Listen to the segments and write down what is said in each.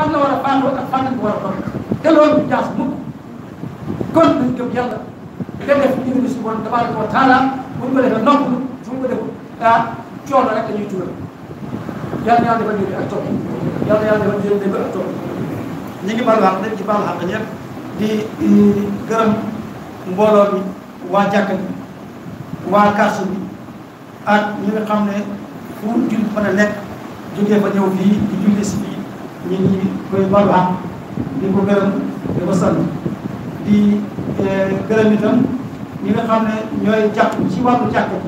fan la war a faatoo ak fan lañ war a doon te loolu jaas mukk kon nañ gëm yàlla te def ndigal si bon tabaraka wa taala bu ñu ko defee ndonk su ñu ko def ah coono rek dañuy tuural yàlla yàlla defal ñu ak topp yàlla yàlla defal ñu dégg ak topp ñu ngi baal wax dañ ci baal xam ñëpp di gërëm mbooloo bi waa jàkka bi waa karsu bi ak ñi nga xam ne fu jullit mën a nekk jógee ba ñëw fii di julli si fii ñu ngi koy balu ak di ko gërëm di ko sant di eh, gërëm itam ñi nga xam ne ñooy jàpp ci wàllu jàkk ji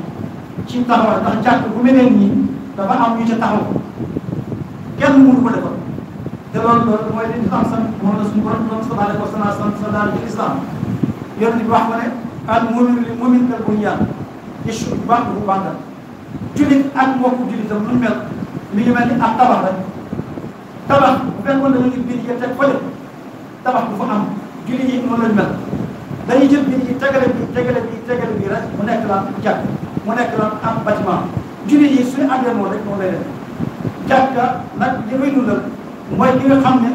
ci taxawal ndax jàkk bu mel nii dafa am ñu ca taxaw kenn mënu ko defal te loolu loolu mooy li ñu am sant moom la suñu borom doon sallallahu alayhi wa sallam sant sa daal ci islam yoon bi wax ko ne al mu'minu lil mu'min kal bunyan yashuddu ba'duhu ba'dan jullit ak mbokku jullitam lu mel mi ngi mel ni ak rek tabax bu fekkoon dañoo jël biir yi teg fële tabax bu fa am julli yi noonu lañ mel dañuy jël biir yi tegale bi tegale bi tegale bi rek mu nekk lan jàkk mu nekk lan am bâtiment julli yi suñu àndee moom rek moom lay def jàkka nag li muy dundal mooy li nga xam ne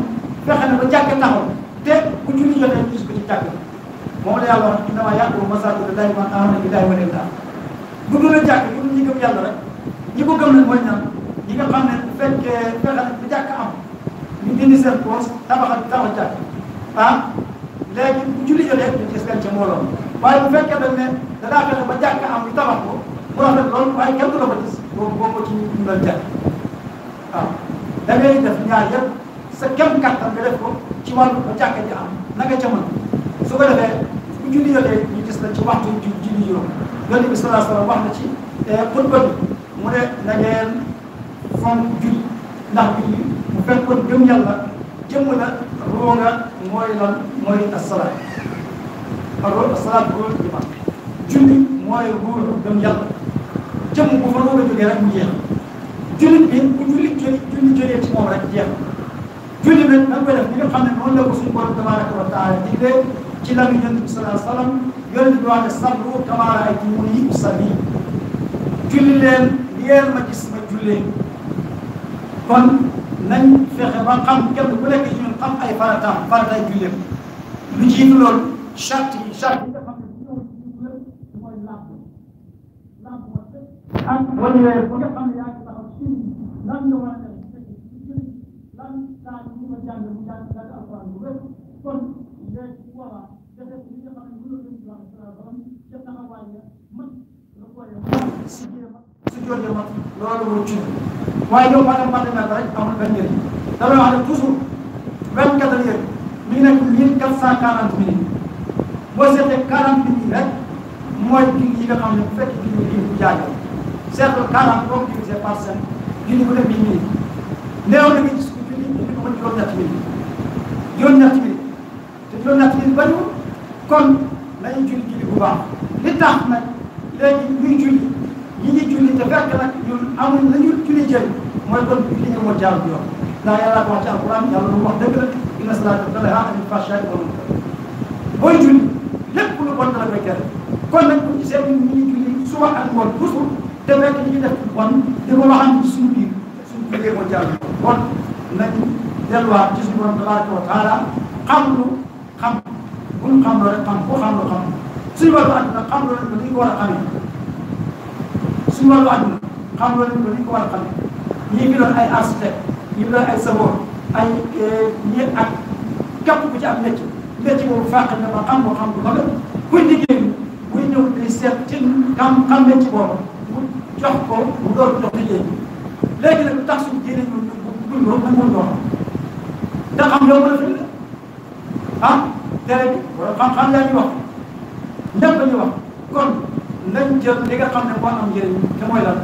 fexe ne ba jàkka taxaw te bu julli jotee ñu gis ko ci jàkk moom la yàlla wax innamaa ya'muru masaajida llaahi man aamana billaahi wal yawmil aaxir bu dul jàkk ñu gëm yàlla rek ñi ko gëm nag mooy ñan ñi nga xam ne bu fekkee fexe ne bu jàkk am dindi seen poos tabaxal tabax jàkk ah léegi bu julli jotee dañ gis leen ca mbooloo waaye bu fekkee dañ ne da daa fexe ba jàkk am ñu tabax ko mu rafet loolu waaye kenn du la ko gis boobu ci ñu dundal jàkk waaw da ngay def ñaar yëpp sa kem kattan nga def ko ci wàllu ba jàkk ji am na nga ca mën su ko defee bu julli jotee ñu gis la ci waxtu ju julli juróom yonent bi sallallahu alayhi wax na ci eh, xutba bi mu ne na ngeen fonk julli ndax fekkoon gëm yàlla jëmm la roo nga mooy lan mooy asalaat alors asalaat boobu la ñu am. julli mooy ruuxu gëm yàlla jëmm bu fa roo nga jógee rek mu jeex jullit bi bu julli jógee julli jógee ci moom rek jeex julli bi nag koy def li nga xam ne noonu la ko suñu borom tabaraka wa taala diglee ci la ñu yonent bi salaa salaam yonent bi wax ne sallu kama raaytumuuni usalli julli leen li ngeen ma gis ma jullee. kon nañ fexe ba xam kenn ku nekk ci ñun xam ay farataam farataay julleem lu jiitu loolu charte yi charte yi nga xam ne ñëw ci mooy làmp làmp ak wala yooyu ba nga xam ne yaa ngi taxaw ci lan nga war a def lan saa ñu ko jàng mu jàng jàng alquran bu wér kon léegi bu boobaa defe li nga xam ne mënoo dem ci wax sa borom ca taxawaay ya mat la ko yem si jéema si jóote mat loolu moo ci waaye yow maanaam mën na rek amul benn njëriñ da ngay wax ne toujours vingt quatre heures mi ngi nekk mille quatre cent quarante minutes boo seetee quarante minutes rek mooy kii yi nga xam ne bu fekkee kii bi bu jaajëf seetlu quarante boo ko divisé par cinq kii bu def mille minutes néew na nga gis ko julli ñu ko juróom-ñetti minutes juróom-ñetti minutes te juróom-ñetti minutes bañu kon nañu julli julli bu baax li tax nag léegi ñuy julli. ñu ngi julli te fekk nag ñun amuñ la ñu julli jëriñ mooy kon li ñu war jaar yoon ndax yàlla ko wax ci alquran yàlla lu wax dëgg la inna salaata tanhaa anil fahshaa'i wal munkar booy julli lépp lu bon la koy tere kon nag bu gisee ñu ngi julli suba ak ngoon toujours te fekk ñu def bon di ko waxaan ci suñu biir suñu jullee moo jaar yoon kon nañ delluwaat ci suñu borom tabaaraka wa taala xam lu xam bu ñu xam loo rek xam ku xam loo xam suñu borom àdduna xam loo rek li ñu ko war a xamee suñu wàllu àdduna xam loolu ko ni ko war a xam ñii ngi doon ay architecte ñi ngi doon ay savon ay eh, ñi ak képp ku ci am métier métier boobu fàq na ma xam ko xam ko bëgg kuy liggéey buy ñëw di seet ci xam xam métier boobu mu jox ko mu door jox liggéey léegi nag tax suñu diine ñu buñ ko ak mun doon da xam yow mën a fi la ah tere bi wala xam-xam yaa ñu wax ñëpp la ñu wax kon nañ jël li nga xam ne moo am njëriñ te mooy lan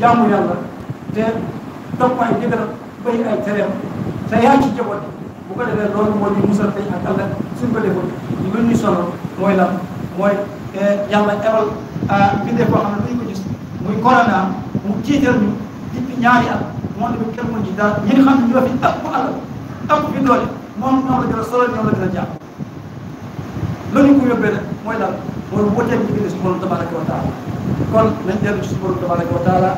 jaamu yàlla te topp ay ndigalam bay ay tereem te yaa ci jëboot bu ko defee loolu moo ñu musal tey ak ëllëg suñ ko defoon lu ñu solo mooy lan mooy eh, yàlla ebal ah, bindee boo xam ne dañ ko gis muy corona mu tiital ñu depuis ñaari at moom tamit kenn mën ci dara ñi nga xam ne ñoo fi ëpp alal ëpp fi doole moom la gën a solo ñoom la gën a la ñu ko yóbbee nag mooy lan mooy woteeg ci biir suñu borom tabaraka wa taala kon nañ dellu ci suñu borom tabaraka wa taala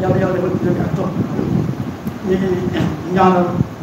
yàlla yàlla defal ñu ak topp ñu ngi ñaanal